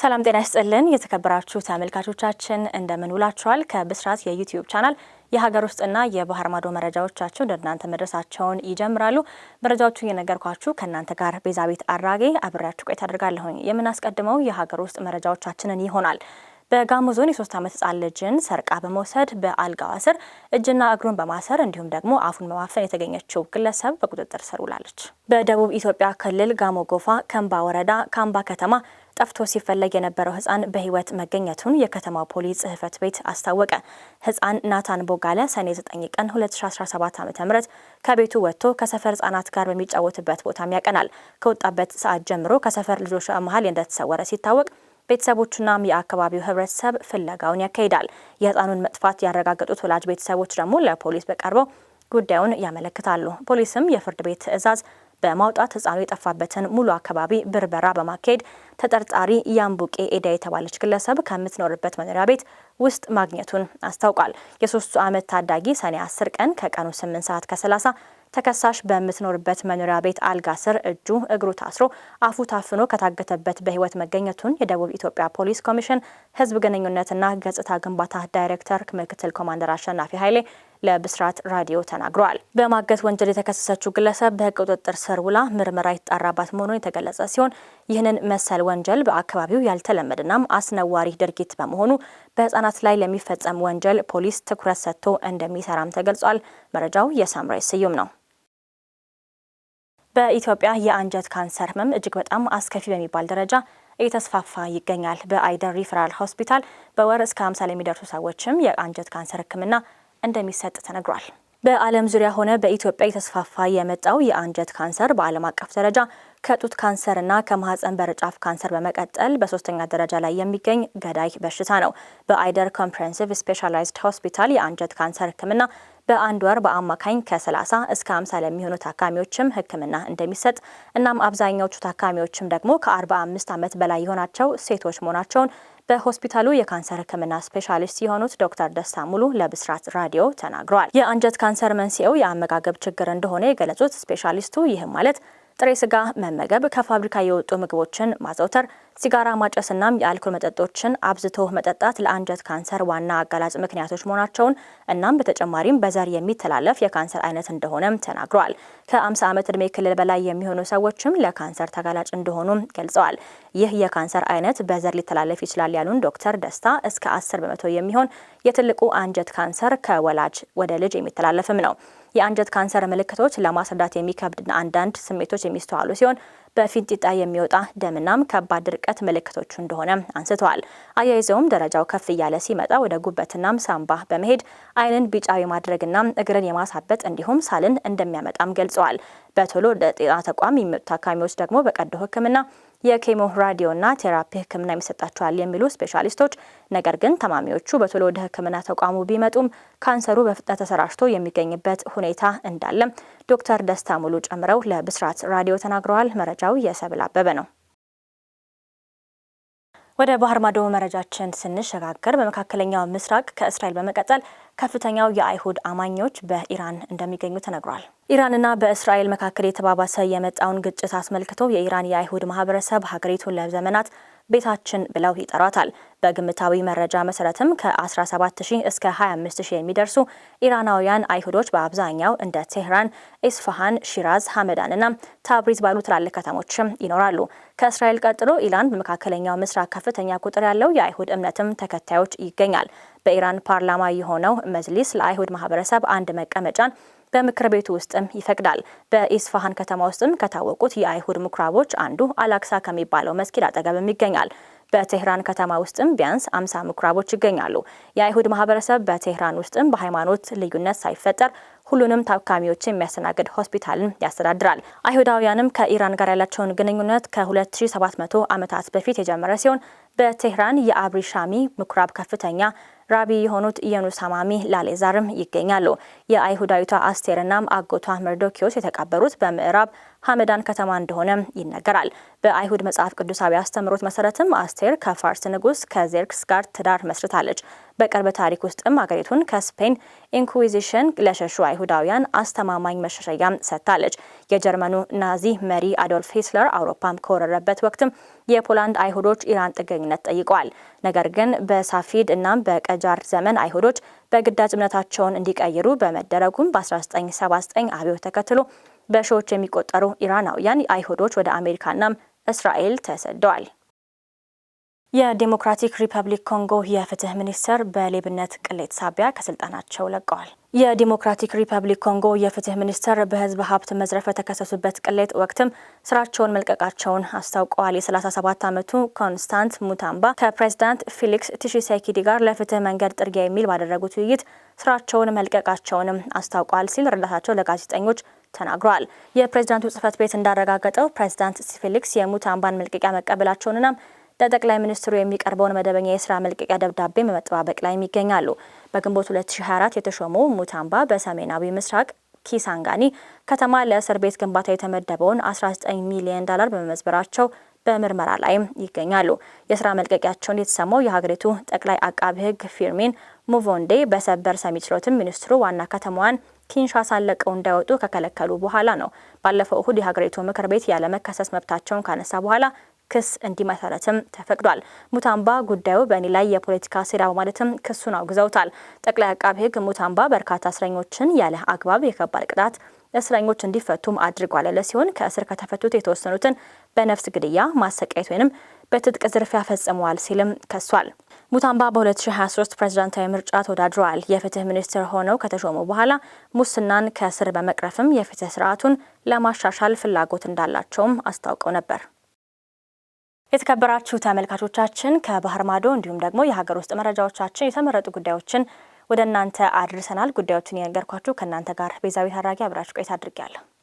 ሰላም ጤና ይስጥልን የተከበራችሁ ተመልካቾቻችን እንደምን ውላችኋል። ከብስራት የዩቲዩብ ቻናል የሀገር ውስጥና የባህር ማዶ መረጃዎቻችን ወደ እናንተ መድረሳቸውን ይጀምራሉ። መረጃዎቹን እየነገርኳችሁ ከእናንተ ጋር ቤዛቤት አራጌ አብሬያችሁ ቆይታ አድርጋለሁኝ። የምናስቀድመው የሀገር ውስጥ መረጃዎቻችንን ይሆናል። በጋሞ ዞን የሶስት ዓመት ህጻን ልጅን ሰርቃ በመውሰድ በአልጋዋ ስር እጅና እግሩን በማሰር እንዲሁም ደግሞ አፉን በማፈን የተገኘችው ግለሰብ በቁጥጥር ስር ውላለች። በደቡብ ኢትዮጵያ ክልል ጋሞ ጎፋ ከምባ ወረዳ ካምባ ከተማ ጠፍቶ ሲፈለግ የነበረው ህፃን በህይወት መገኘቱን የከተማው ፖሊስ ጽህፈት ቤት አስታወቀ። ህፃን ናታን ቦጋለ ሰኔ 9 ቀን 2017 ዓ.ም ከቤቱ ወጥቶ ከሰፈር ህጻናት ጋር በሚጫወትበት ቦታም ያቀናል። ከወጣበት ሰዓት ጀምሮ ከሰፈር ልጆች መሀል እንደተሰወረ ሲታወቅ ቤተሰቦቹናም የአካባቢው ህብረተሰብ ፍለጋውን ያካሂዳል። የህፃኑን መጥፋት ያረጋገጡት ወላጅ ቤተሰቦች ደግሞ ለፖሊስ በቀርበው ጉዳዩን ያመለክታሉ። ፖሊስም የፍርድ ቤት ትዕዛዝ በማውጣት ህፃኑ የጠፋበትን ሙሉ አካባቢ ብርበራ በማካሄድ ተጠርጣሪ ያምቡቄ ኤዳ የተባለች ግለሰብ ከምትኖርበት መኖሪያ ቤት ውስጥ ማግኘቱን አስታውቋል። የሶስቱ ዓመት ታዳጊ ሰኔ 10 ቀን ከቀኑ 8 ሰዓት ከ30 ተከሳሽ በምትኖርበት መኖሪያ ቤት አልጋ ስር እጁ እግሩ ታስሮ አፉ ታፍኖ ከታገተበት በህይወት መገኘቱን የደቡብ ኢትዮጵያ ፖሊስ ኮሚሽን ህዝብ ግንኙነትና ገጽታ ግንባታ ዳይሬክተር ምክትል ኮማንደር አሸናፊ ኃይሌ ለብስራት ራዲዮ ተናግረዋል። በማገት ወንጀል የተከሰሰችው ግለሰብ በህገ ቁጥጥር ስር ውላ ምርመራ የተጣራባት መሆኑን የተገለጸ ሲሆን ይህንን መሰል ወንጀል በአካባቢው ያልተለመደናም አስነዋሪ ድርጊት በመሆኑ በህፃናት ላይ ለሚፈጸም ወንጀል ፖሊስ ትኩረት ሰጥቶ እንደሚሰራም ተገልጿል። መረጃው የሳምራይ ስዩም ነው። በኢትዮጵያ የአንጀት ካንሰር ህመም እጅግ በጣም አስከፊ በሚባል ደረጃ እየተስፋፋ ይገኛል። በአይደር ሪፈራል ሆስፒታል በወር እስከ 50 ለሚደርሱ ሰዎችም የአንጀት ካንሰር ህክምና እንደሚሰጥ ተነግሯል። በዓለም ዙሪያ ሆነ በኢትዮጵያ የተስፋፋ የመጣው የአንጀት ካንሰር በዓለም አቀፍ ደረጃ ከጡት ካንሰርና ከማህፀን በር ጫፍ ካንሰር በመቀጠል በሶስተኛ ደረጃ ላይ የሚገኝ ገዳይ በሽታ ነው። በአይደር ኮምፕሬሄንሲቭ ስፔሻላይዝድ ሆስፒታል የአንጀት ካንሰር ህክምና በአንድ ወር በአማካኝ ከ30 እስከ 50 ለሚሆኑ ታካሚዎችም ህክምና እንደሚሰጥ እናም አብዛኛዎቹ ታካሚዎችም ደግሞ ከ45 ዓመት በላይ የሆናቸው ሴቶች መሆናቸውን በሆስፒታሉ የካንሰር ህክምና ስፔሻሊስት የሆኑት ዶክተር ደስታ ሙሉ ለብስራት ራዲዮ ተናግረዋል። የአንጀት ካንሰር መንስኤው የአመጋገብ ችግር እንደሆነ የገለጹት ስፔሻሊስቱ ይህም ማለት ጥሬ ስጋ መመገብ፣ ከፋብሪካ የወጡ ምግቦችን ማዘውተር ሲጋራ ማጨስና የአልኮል መጠጦችን አብዝቶ መጠጣት ለአንጀት ካንሰር ዋና አጋላጭ ምክንያቶች መሆናቸውን እናም በተጨማሪም በዘር የሚተላለፍ የካንሰር አይነት እንደሆነም ተናግሯል። ከ ከ50 ዓመት ዕድሜ ክልል በላይ የሚሆኑ ሰዎችም ለካንሰር ተጋላጭ እንደሆኑ ገልጸዋል። ይህ የካንሰር አይነት በዘር ሊተላለፍ ይችላል ያሉን ዶክተር ደስታ እስከ 10 በመቶ የሚሆን የትልቁ አንጀት ካንሰር ከወላጅ ወደ ልጅ የሚተላለፍም ነው። የአንጀት ካንሰር ምልክቶች ለማስረዳት የሚከብድና አንዳንድ ስሜቶች የሚስተዋሉ ሲሆን በፊንጢጣ የሚወጣ ደምናም ከባድ ድርቀት ምልክቶቹ እንደሆነ አንስተዋል። አያይዘውም ደረጃው ከፍ እያለ ሲመጣ ወደ ጉበትናም ሳምባ በመሄድ አይንን ቢጫ የማድረግና እግርን የማሳበጥ እንዲሁም ሳልን እንደሚያመጣም ገልጸዋል። በቶሎ ለጤና ተቋም የሚወጡ ታካሚዎች ደግሞ በቀዶ ሕክምና የኬሞ ራዲዮና ቴራፒ ህክምና የሚሰጣቸዋል የሚሉ ስፔሻሊስቶች፣ ነገር ግን ተማሚዎቹ በቶሎ ወደ ህክምና ተቋሙ ቢመጡም ካንሰሩ በፍጥነት ተሰራጭቶ የሚገኝበት ሁኔታ እንዳለም ዶክተር ደስታ ሙሉ ጨምረው ለብስራት ራዲዮ ተናግረዋል። መረጃው የሰብል አበበ ነው። ወደ ባህር ማዶ መረጃችን ስንሸጋገር በመካከለኛው ምስራቅ ከእስራኤል በመቀጠል ከፍተኛው የአይሁድ አማኞች በኢራን እንደሚገኙ ተነግሯል። ኢራንና በእስራኤል መካከል የተባባሰ የመጣውን ግጭት አስመልክቶ የኢራን የአይሁድ ማህበረሰብ ሀገሪቱን ለዘመናት ቤታችን ብለው ይጠሯታል። በግምታዊ መረጃ መሰረትም ከ17000 እስከ 25000 የሚደርሱ ኢራናውያን አይሁዶች በአብዛኛው እንደ ቴህራን፣ ኢስፋሃን፣ ሺራዝ፣ ሀመዳንና ታብሪዝ ባሉ ትላልቅ ከተሞችም ይኖራሉ። ከእስራኤል ቀጥሎ ኢራን በመካከለኛው ምስራቅ ከፍተኛ ቁጥር ያለው የአይሁድ እምነትም ተከታዮች ይገኛል። በኢራን ፓርላማ የሆነው መጅሊስ ለአይሁድ ማህበረሰብ አንድ መቀመጫን በምክር ቤቱ ውስጥም ይፈቅዳል። በኢስፋሃን ከተማ ውስጥም ከታወቁት የአይሁድ ምኩራቦች አንዱ አላክሳ ከሚባለው መስጊድ አጠገብም ይገኛል። በቴህራን ከተማ ውስጥም ቢያንስ አምሳ ምኩራቦች ይገኛሉ። የአይሁድ ማህበረሰብ በቴህራን ውስጥም በሃይማኖት ልዩነት ሳይፈጠር ሁሉንም ታካሚዎች የሚያስተናግድ ሆስፒታልን ያስተዳድራል። አይሁዳውያንም ከኢራን ጋር ያላቸውን ግንኙነት ከ2700 ዓመታት በፊት የጀመረ ሲሆን በቴህራን የአብሪሻሚ ምኩራብ ከፍተኛ ራቢ የሆኑት ኢየኑሳማሚ ላሌዛርም ይገኛሉ። የአይሁዳዊቷ አስቴርና አጎቷ መርዶኪዎስ የተቀበሩት በምዕራብ ሀመዳን ከተማ እንደሆነ ይነገራል። በአይሁድ መጽሐፍ ቅዱሳዊ አስተምሮት መሰረትም አስቴር ከፋርስ ንጉስ ከዜርክስ ጋር ትዳር መስርታለች። በቅርብ ታሪክ ውስጥም አገሪቱን ከስፔን ኢንኩዊዚሽን ለሸሹ አይሁዳውያን አስተማማኝ መሸሸያም ሰጥታለች። የጀርመኑ ናዚ መሪ አዶልፍ ሂትለር አውሮፓም ከወረረበት ወቅትም የፖላንድ አይሁዶች ኢራን ጥገኝነት ጠይቀዋል። ነገር ግን በሳፊድ እናም በቀ የነጃር ዘመን አይሁዶች በግዳጅ እምነታቸውን እንዲቀይሩ በመደረጉም በ1979 አብዮት ተከትሎ በሺዎች የሚቆጠሩ ኢራናውያን አይሁዶች ወደ አሜሪካና እስራኤል ተሰደዋል። የዴሞክራቲክ ሪፐብሊክ ኮንጎ የፍትህ ሚኒስትር በሌብነት ቅሌት ሳቢያ ከስልጣናቸው ለቀዋል። የዲሞክራቲክ ሪፐብሊክ ኮንጎ የፍትህ ሚኒስትር በህዝብ ሀብት መዝረፍ በተከሰሱበት ቅሌት ወቅትም ስራቸውን መልቀቃቸውን አስታውቀዋል። የ37 ዓመቱ ኮንስታንት ሙታምባ ከፕሬዚዳንት ፊሊክስ ቲሺሴኪዲ ጋር ለፍትህ መንገድ ጥርጊያ የሚል ባደረጉት ውይይት ስራቸውን መልቀቃቸውንም አስታውቀዋል ሲል ረዳታቸው ለጋዜጠኞች ተናግረዋል። የፕሬዚዳንቱ ጽህፈት ቤት እንዳረጋገጠው ፕሬዚዳንት ፊሊክስ የሙታምባን መልቀቂያ መቀበላቸውንናም ለጠቅላይ ሚኒስትሩ የሚቀርበውን መደበኛ የስራ መልቀቂያ ደብዳቤ በመጠባበቅ ላይም ይገኛሉ። በግንቦት 2024 የተሾሙ ሙታምባ በሰሜናዊ ምስራቅ ኪሳንጋኒ ከተማ ለእስር ቤት ግንባታ የተመደበውን 19 ሚሊዮን ዶላር በመመዝበራቸው በምርመራ ላይም ይገኛሉ። የስራ መልቀቂያቸውን የተሰማው የሀገሪቱ ጠቅላይ አቃቢ ሕግ ፊርሚን ሙቮንዴ በሰበር ሰሚ ችሎትም ሚኒስትሩ ዋና ከተማዋን ኪንሻሳን ለቀው እንዳይወጡ ከከለከሉ በኋላ ነው። ባለፈው እሁድ የሀገሪቱ ምክር ቤት ያለመከሰስ መብታቸውን ካነሳ በኋላ ክስ እንዲመሰረትም ተፈቅዷል። ሙታምባ ጉዳዩ በእኔ ላይ የፖለቲካ ሴራ በማለትም ክሱን አውግዘውታል። ጠቅላይ አቃቤ ሕግ ሙታምባ በርካታ እስረኞችን ያለ አግባብ የከባድ ቅጣት እስረኞች እንዲፈቱም አድርጓል ያለ ሲሆን ከእስር ከተፈቱት የተወሰኑትን በነፍስ ግድያ፣ ማሰቃየት ወይንም በትጥቅ ዝርፊያ ፈጽመዋል ሲልም ከሷል። ሙታምባ በ2023 ፕሬዝዳንታዊ ምርጫ ተወዳድረዋል። የፍትህ ሚኒስትር ሆነው ከተሾሙ በኋላ ሙስናን ከስር በመቅረፍም የፍትህ ስርዓቱን ለማሻሻል ፍላጎት እንዳላቸውም አስታውቀው ነበር። የተከበራችሁ ተመልካቾቻችን ከባህር ማዶ እንዲሁም ደግሞ የሀገር ውስጥ መረጃዎቻችን የተመረጡ ጉዳዮችን ወደ እናንተ አድርሰናል። ጉዳዮችን የነገርኳችሁ ከእናንተ ጋር ቤዛዊ ታራጊ አብራችሁ ቆይታ አድርጊያለሁ።